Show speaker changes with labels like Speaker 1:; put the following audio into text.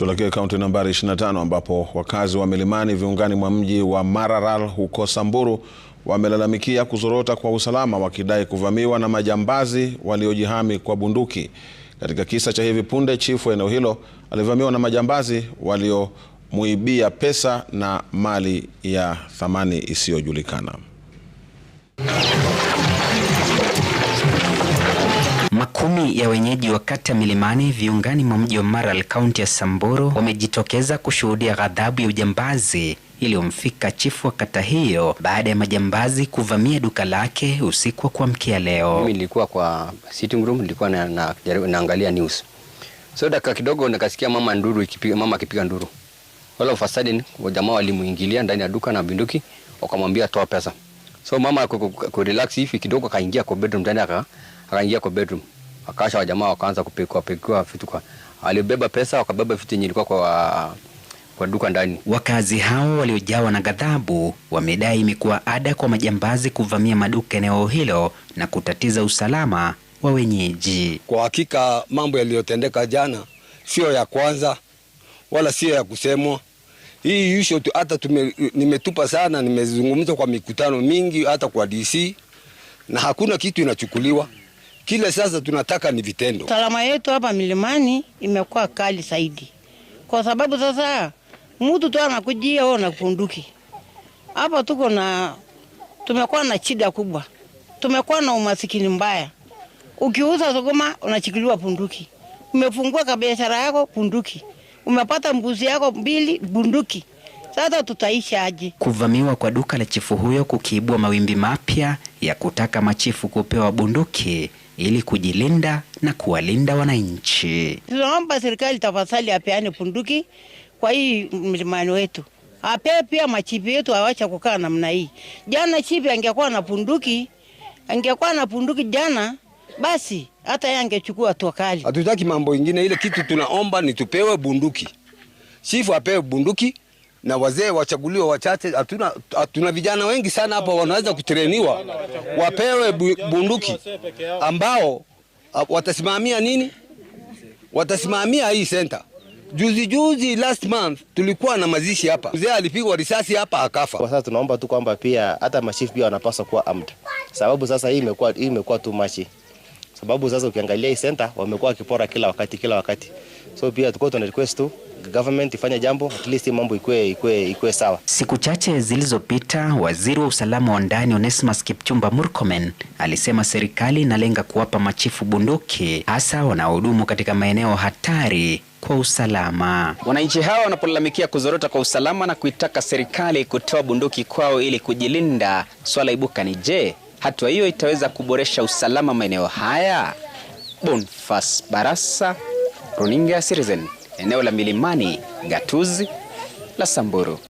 Speaker 1: Tuelekee kaunti nambari 25 ambapo wakazi wa milimani viungani mwa mji wa Mararal huko Samburu wamelalamikia kuzorota kwa usalama wakidai kuvamiwa na majambazi waliojihami kwa bunduki. Katika kisa cha hivi punde, chifu wa eneo hilo alivamiwa na majambazi waliomuibia pesa na mali ya thamani isiyojulikana.
Speaker 2: Makumi ya wenyeji wa kata Milimani viungani mwa mji wa Maralal kaunti ya Samburu wamejitokeza kushuhudia ghadhabu ya ujambazi iliyomfika chifu wa kata hiyo baada ya majambazi kuvamia duka lake usiku wa kuamkia leo.
Speaker 3: Mimi nilikuwa kwa sitting room, nilikuwa na, na, na, naangalia news. So dakika kidogo nikasikia mama nduru ikipiga, mama akipiga nduru. All of a sudden jamaa walimuingilia ndani ya duka na bunduki wakamwambia toa pesa. So mama kwa relax hivi kidogo akaingia kwa bedroom ndani aka akaingia kwa bedroom wakasha jamaa wakaanza kupekua pekua vitu kwa alibeba pesa wakabeba vitu yenye ilikuwa kwa kwa duka ndani.
Speaker 2: Wakazi hao waliojawa na ghadhabu wamedai imekuwa ada kwa majambazi kuvamia maduka eneo hilo na kutatiza usalama wa wenyeji.
Speaker 4: Kwa hakika mambo yaliyotendeka jana siyo ya kwanza wala sio ya kusemwa. Hii isho tu hata nimetupa sana, nimezungumza kwa mikutano mingi hata kwa DC na hakuna kitu inachukuliwa. Kile sasa tunataka ni vitendo.
Speaker 5: Salama yetu hapa milimani imekuwa kali zaidi, kwa sababu sasa mtu tu anakujia au nakunduki hapa. Tuko na tumekuwa na shida kubwa, tumekuwa na umasikini mbaya. Ukiuza sukuma unachikiliwa punduki, umefungua kabiashara yako punduki, umepata mbuzi yako mbili bunduki. Sasa tutaisha aje?
Speaker 2: Kuvamiwa kwa duka la chifu huyo kukiibua mawimbi mapya ya kutaka machifu kupewa bunduki ili kujilinda na kuwalinda wananchi.
Speaker 5: Tunaomba serikali tafadhali apeane punduki kwa hii mlimani wetu, apee pia machipi yetu, awacha kukaa namna hii. Jana chipi angekuwa na punduki, angekuwa na punduki jana basi hata yeye angechukua hatua kali.
Speaker 4: Hatutaki mambo ingine, ile kitu tunaomba ni tupewe bunduki, chifu apewe bunduki na wazee wachaguliwa wachache. Hatuna hatuna vijana wengi sana hapa wanaweza kutreniwa, wapewe bunduki ambao ah, watasimamia nini, watasimamia hii senta. Juzi juzi last month tulikuwa na mazishi hapa, mzee alipigwa risasi hapa akafa.
Speaker 3: Kwa sasa tunaomba tu kwamba pia hata mashifu pia wanapaswa kuwa amd, sababu sasa hii imekuwa hii imekuwa sababu sasa ukiangalia hii center wamekuwa wakipora kila wakati kila wakati, so pia tuko tuna request tu government ifanye jambo at least mambo ikue, ikue, ikue sawa.
Speaker 2: Siku chache zilizopita, waziri wa usalama wa ndani Onesmus Kipchumba Murkomen alisema serikali inalenga kuwapa machifu bunduki hasa wanaohudumu katika maeneo hatari kwa usalama. Wananchi hawa wanapolalamikia kuzorota kwa usalama na kuitaka serikali kutoa bunduki kwao ili kujilinda, swala ibuka ni je, Hatua hiyo itaweza kuboresha usalama maeneo haya. Bonfas Barasa, runinga Citizen, eneo la Milimani, gatuzi la Samburu.